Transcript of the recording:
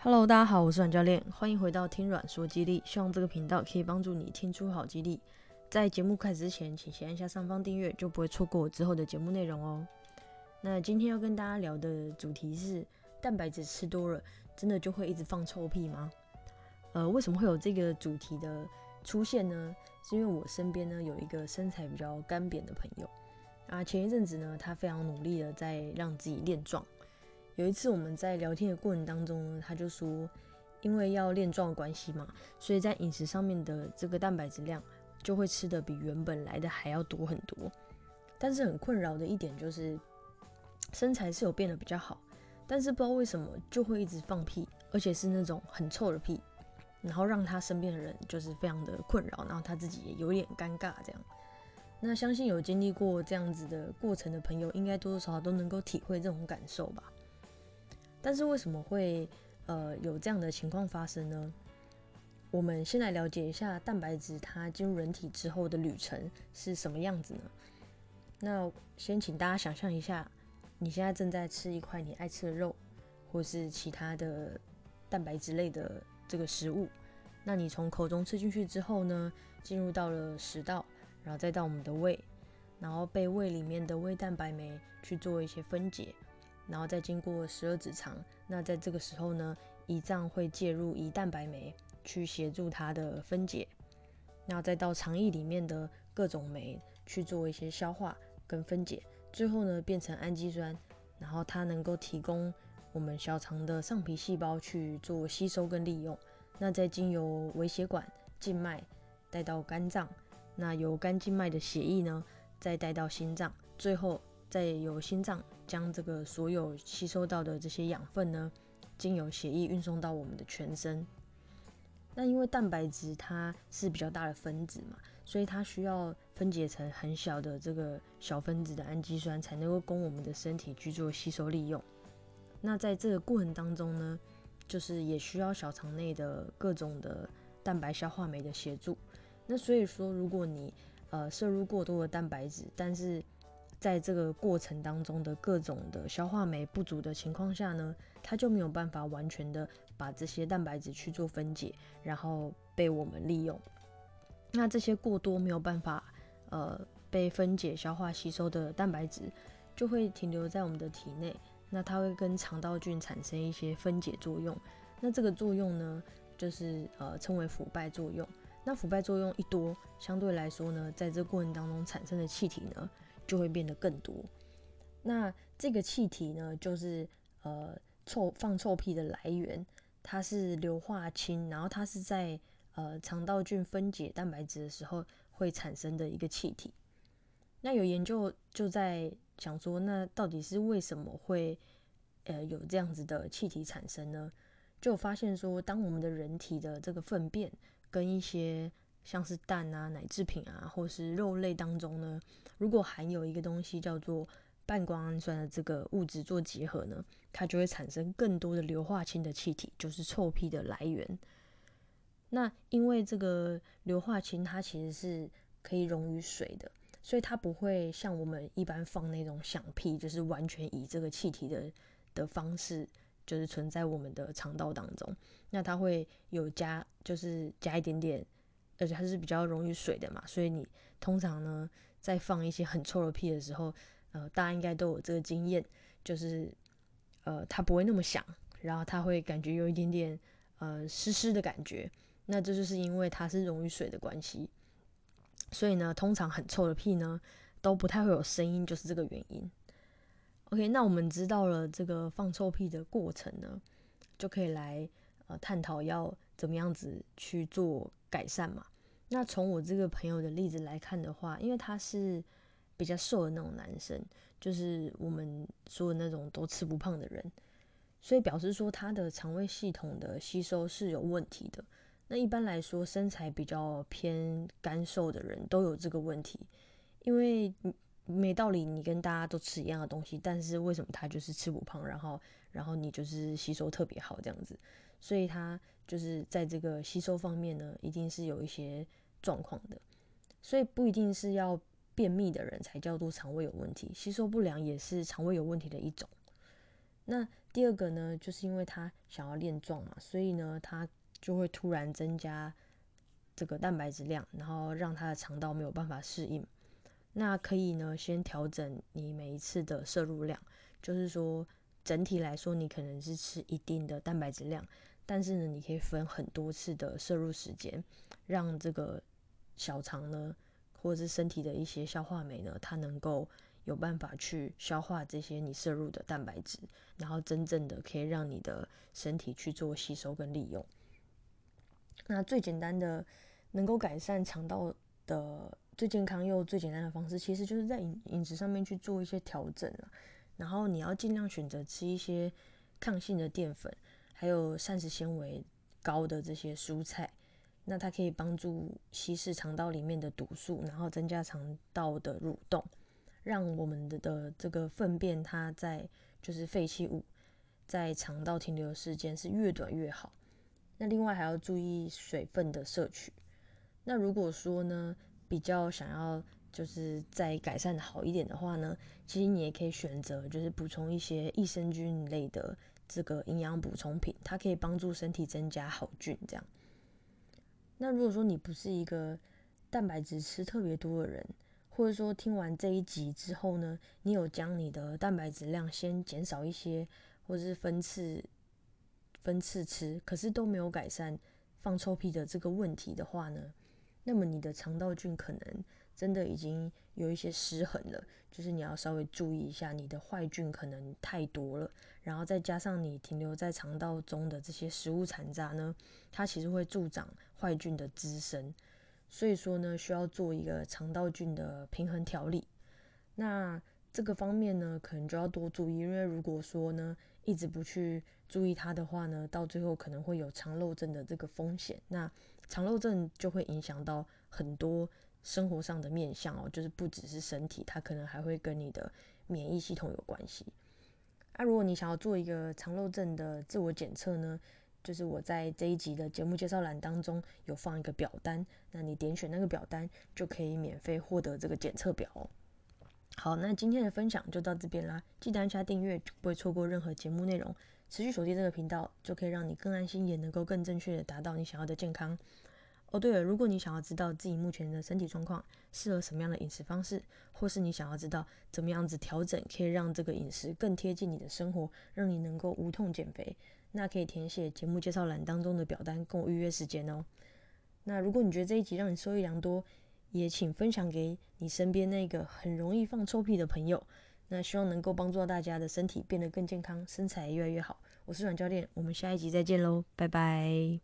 Hello，大家好，我是阮教練，歡迎回到聽阮說肌力。希望這個頻道可以幫助你聽出好肌力。在節目開始之前，請先按一下上方訂閱，就不會錯過我之後的節目內容哦、喔。那今天要跟大家聊的主題是蛋白質吃多了，真的就會一直放臭屁嗎？呃，為什麼會有這個主題的出現呢？是因為我身邊呢有一個身材比較乾扁的朋友啊，前一陣子呢，他非常努力的在讓自己練壯。有一次我們在聊天的過程當中，他就說，因為要練壯的關係嘛，所以在飲食上面的這個蛋白質量就會吃得比原本來的還要多很多。但是很困擾的一點就是，身材是有變得比較好，但是不知道為什麼就會一直放屁，而且是那種很臭的屁，然後讓他身邊的人就是非常的困擾，然後他自己也有點尷尬這樣。那相信有經歷過這樣子的過程的朋友，應該多多少少都能夠體會這種感受吧。但是為什麼會呃有這樣的情況發生呢？我們先來了解一下蛋白質它進入人體之後的旅程是什麼樣子呢？那先請大家想象一下，你現在正在吃一塊你愛吃的肉，或是其他的蛋白質類的這個食物，那你從口中吃進去之後呢，進入到了食道，然後再到我們的胃，然後被胃裡面的胃蛋白酶，去做一些分解。然後再經過十二指腸，那在這個時候呢，胰臟會介入胰蛋白酶，去協助它的分解，那再到腸液裡面的各種酶去做一些消化跟分解，最後呢變成氨基酸，然後它能夠提供我們小腸的上皮細胞去做吸收跟利用，那再經由微血管靜脈帶到肝臟，那由肝靜脈的血液呢再帶到心臟，最後。再由心臟將這個所有吸收到的這些養分呢，經由血液運送到我們的全身。那因為蛋白質它是比較大的分子嘛，所以它需要分解成很小的這個小分子的氨基酸，才能夠供我們的身體去做吸收利用。那在這個過程當中呢，就是也需要小腸內的各種的蛋白消化酶的協助。那所以說，如果你呃攝入過多的蛋白質，但是在這個過程當中的各種的消化酶不足的情況下呢，它就沒有辦法完全的把這些蛋白質去做分解，然後被我們利用。那這些過多沒有辦法呃被分解消化吸收的蛋白質就會停留在我們的體內，那它會跟腸道菌產生一些分解作用。那這個作用呢，就是呃稱為腐敗作用。那腐敗作用一多，相對來說呢，在這個過程當中產生的氣體呢，就會變得更多。那這個氣體呢，就是呃臭放臭屁的來源，它是硫化氫，然後它是在呃腸道菌分解蛋白質的時候會產生的一個氣體。那有研究就在想說，那到底是為什麼會呃有這樣子的氣體產生呢？就發現說，當我們的人體的這個糞便跟一些像是蛋啊、奶製品啊，或是肉類當中呢，如果含有一個東西叫做半胱氨酸的這個物質做結合呢，它就會產生更多的硫化氫的氣體，就是臭屁的來源。那因為這個硫化氫它其實是可以溶於水的，所以它不會像我們一般放那種響屁，就是完全以這個氣體的的方式，就是存在我們的腸道當中。那它會有加，就是加一點點。而且它是比較溶於水的嘛，所以你通常呢在放一些很臭的屁的時候，呃，大家應該都有這個經驗，就是呃它不會那麼響，然後它會感覺有一點點呃濕濕的感覺，那這就，就是因為它是溶於水的關係，所以呢通常很臭的屁呢都不太會有聲音，就是這個原因。OK，那我們知道了這個放臭屁的過程呢，就可以來。呃，探討要怎麼樣子去做改善嘛。那從我這個朋友的例子來看的話，因為他是比較瘦的那種男生，就是我們說的那種都吃不胖的人，所以表示說他的腸胃系統的吸收是有問題的。那一般來說，身材比較偏乾瘦的人都有這個問題，因為，沒道理，你跟大家都吃一樣的東西，但是為什麼他就是吃不胖，然後然後你就是吸收特別好這樣子，所以他就是在這個吸收方面呢，一定是有一些狀況的，所以不一定是要便秘的人才叫做腸胃有問題，吸收不良也是腸胃有問題的一種。那第二個呢，就是因為他想要練壯嘛，所以呢他就會突然增加這個蛋白質量，然後讓他的腸道沒有辦法適應。那可以呢，先調整你每一次的攝入量，就是說整體來說，你可能是吃一定的蛋白質量，但是呢，你可以分很多次的攝入時間，讓這個小腸呢，或者是身體的一些消化酶呢，它能夠有辦法去消化這些你攝入的蛋白質，然後真正的可以讓你的身體去做吸收跟利用。那最簡單的能夠改善腸道的。最健康又最簡單的方式，其實就是在飲飲食上面去做一些調整啊。然後你要盡量選擇吃一些抗性的澱粉，還有膳食纖維高的這些蔬菜。那它可以幫助稀釋腸道裡面的毒素，然後增加腸道的蠕動，讓我們的的這個糞便它在就是廢棄物在腸道停留的時間是越短越好。那另外還要注意水分的攝取。那如果說呢，比較想要就是再改善好一點的話呢，其實你也可以選擇就是補充一些益生菌類的這個營養補充品，它可以幫助身體增加好菌這樣。那如果說你不是一個蛋白質吃特別多的人，或者說聽完這一集之後呢，你有將你的蛋白質量先減少一些，或者是分次分次吃，可是都沒有改善放臭屁的這個問題的話呢，那麼你的腸道菌可能真的已經有一些失衡了，就是你要稍微注意一下，你的壞菌可能太多了，然後再加上你停留在腸道中的這些食物殘渣呢，它其實會助長壞菌的滋生，所以說呢，需要做一個腸道菌的平衡調理。那這個方面呢，可能就要多注意，因為如果說呢，一直不去注意它的話呢，到最後可能會有腸漏症的這個風險。那腸漏症就會影響到很多生活上的面向哦，就是不只是身體，它可能還會跟你的免疫系統有關係。那，啊，如果你想要做一個腸漏症的自我檢測呢，就是我在這一集的節目介紹欄當中有放一個表單，那你點選那個表單就可以免費獲得這個檢測表哦。好，那今天的分享就到這邊啦。記得按下訂閱，就不會錯過任何節目內容。持續鎖定這個頻道，就可以讓你更安心，也能夠更正確的達到你想要的健康。哦，對了，如果你想要知道自己目前的身體狀況，適合什麼樣的飲食方式，或是你想要知道怎麼樣子調整，可以讓這個飲食更貼近你的生活，讓你能夠無痛減肥，那可以填寫節目介紹欄當中的表單，跟我預約時間哦。那如果你覺得這一集讓你受益良多，也請分享給你身邊那個很容易放臭屁的朋友，那希望能夠幫助到大家的身體變得更健康，身材越來越好。我是阮教練，我們下一集再見嘍，拜拜。